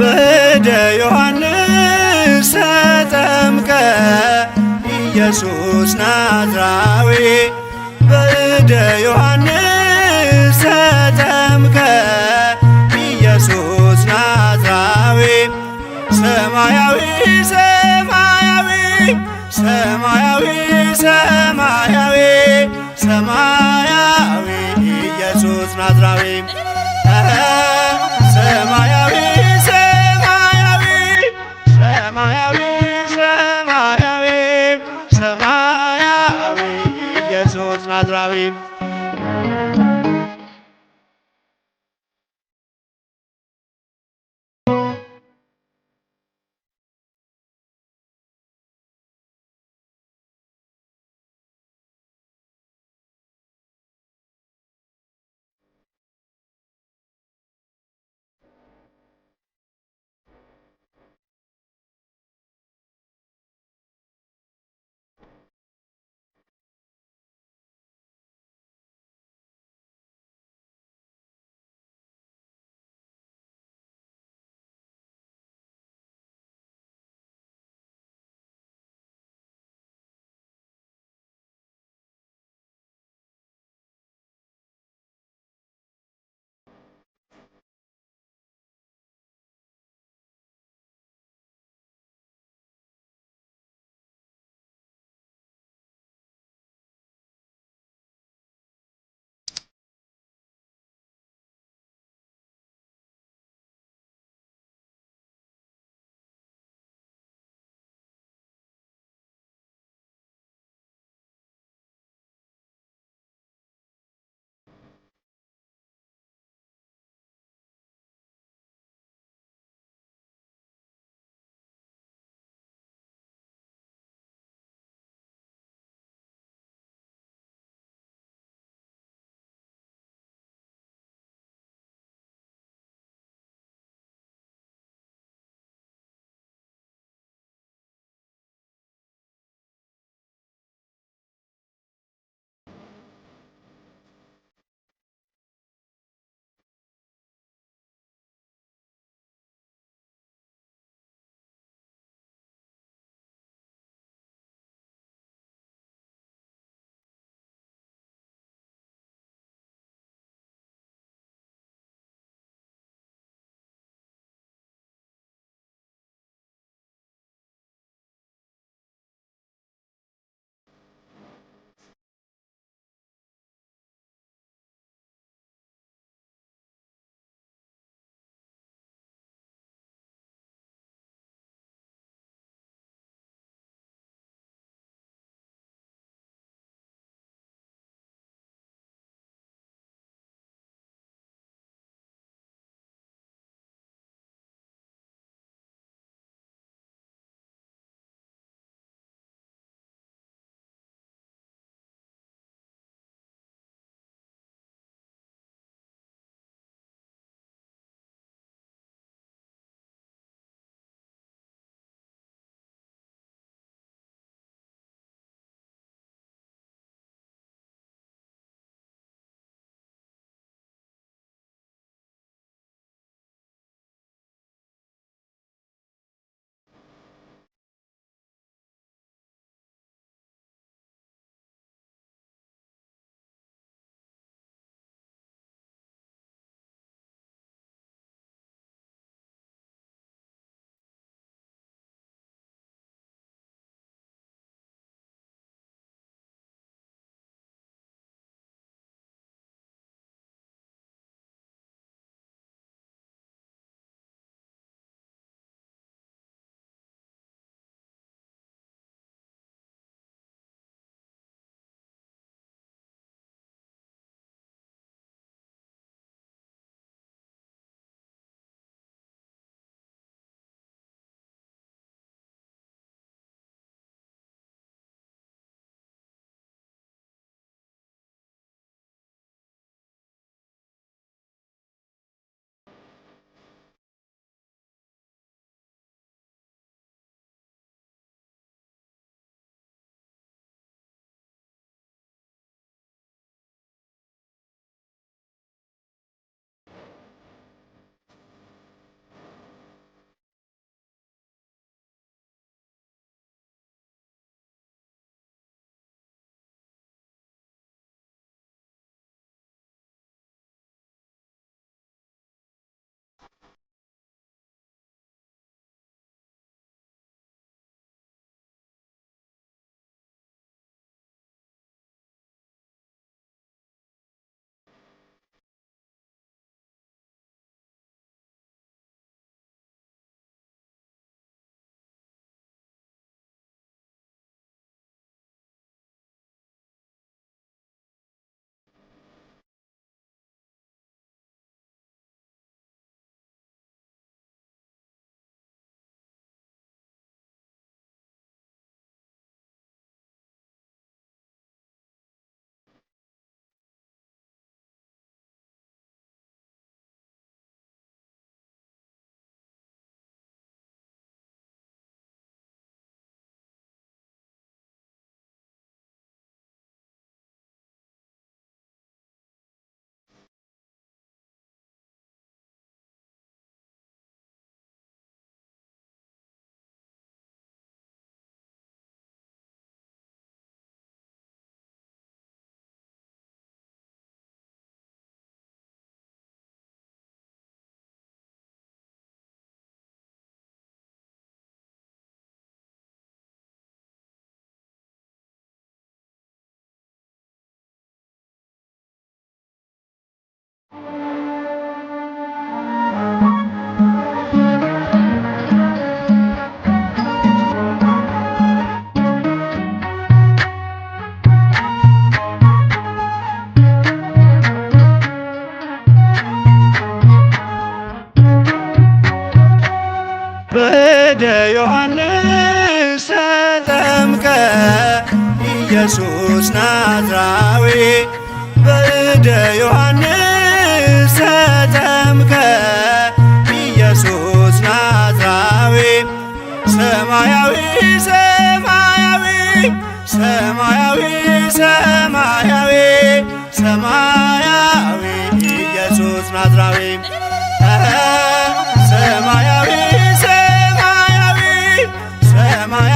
በደ ዮሐንስ ተጠምቀ ኢየሱስ ናዝራዊ በደ ዮሐንስ ተጠምቀ ኢየሱስ ናዝራዊ ሰማያዊ ሰማያዊ ሰማያዊ ሰማያዊ ሰማያዊ ኢየሱስ ናዝራዊ ሰማያዊ Madravin. ኢየሱስ ናዝራዊ በእደ ዮሐንስ ተጠምቀ ኢየሱስ ናዝራዊ ሰማያዊ ሰማያዊ ሰማያዊ ሰማያዊ ሰማያዊ ኢየሱስ ናዝራዊ ሰማያዊ ሰማያዊ ሰማያዊ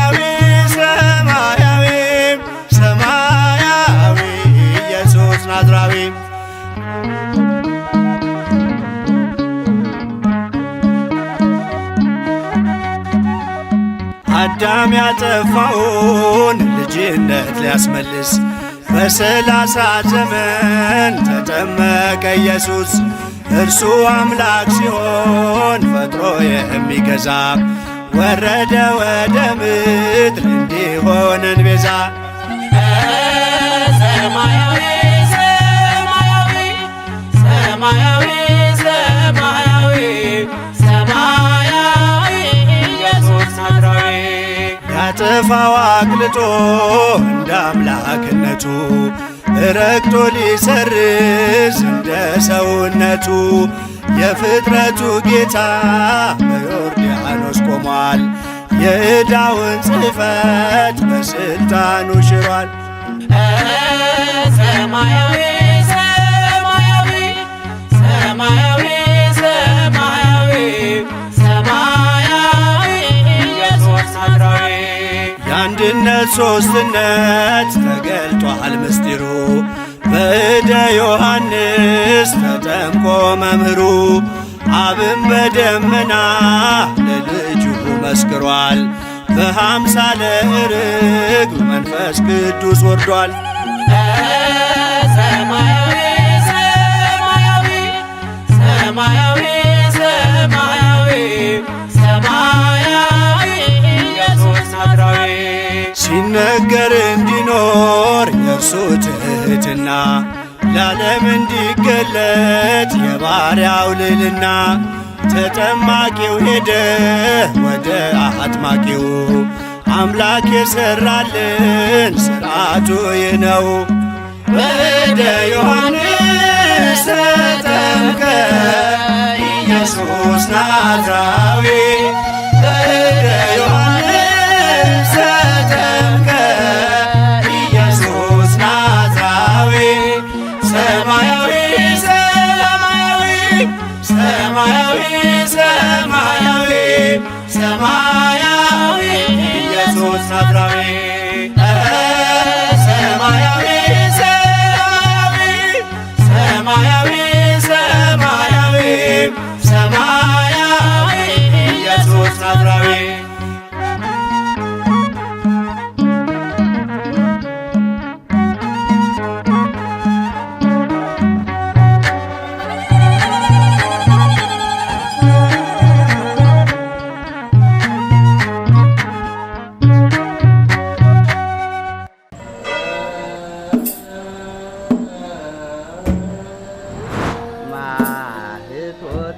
አዳም ያጠፋውን ልጅነት ሊያስመልስ በሰላሳ ዘመን ተጠመቀ ኢየሱስ። እርሱ አምላክ ሲሆን ፈጥሮ የሚገዛ ወረደ ወደ ምድር እንዲሆነን ቤዛ ሊደፋው አቅልጦ እንደ አምላክነቱ ረግጦ ሊሰርዝ እንደ ሰውነቱ የፍጥረቱ ጌታ በዮርዳኖስ ቆሟል። የዕዳውን ጽሕፈት በስልጣኑ ሽሯል። ሰማያዊ ሰማያዊ ሰማያዊ ሦስትነት ተገልጧል ምስጢሩ በእደ ዮሐንስ ተጠምቆ መምህሩ አብን በደመና ለልጁ መስክሯል። በሃምሳ ለርግ መንፈስ ቅዱስ ወርዷል። ሰማያዊ ሰማያዊ ሰማያዊ ሲነገር እንዲኖር የእርሱ ትህትና ለዓለም እንዲገለጥ የባሪያው ልልና ተጠማቂው ሄደ ወደ አጥማቂው አምላክ የሠራልን ሥርዓቱ ይህ ነው። ወደ ዮሐንስ ተጠምቀ ኢየሱስ ናዝራዊ ቅዱስ ናዝራዊ ሰማያዊ ሰማያዊ ሰማያዊ ሰማያዊ ኢየሱስ ናዝራዊ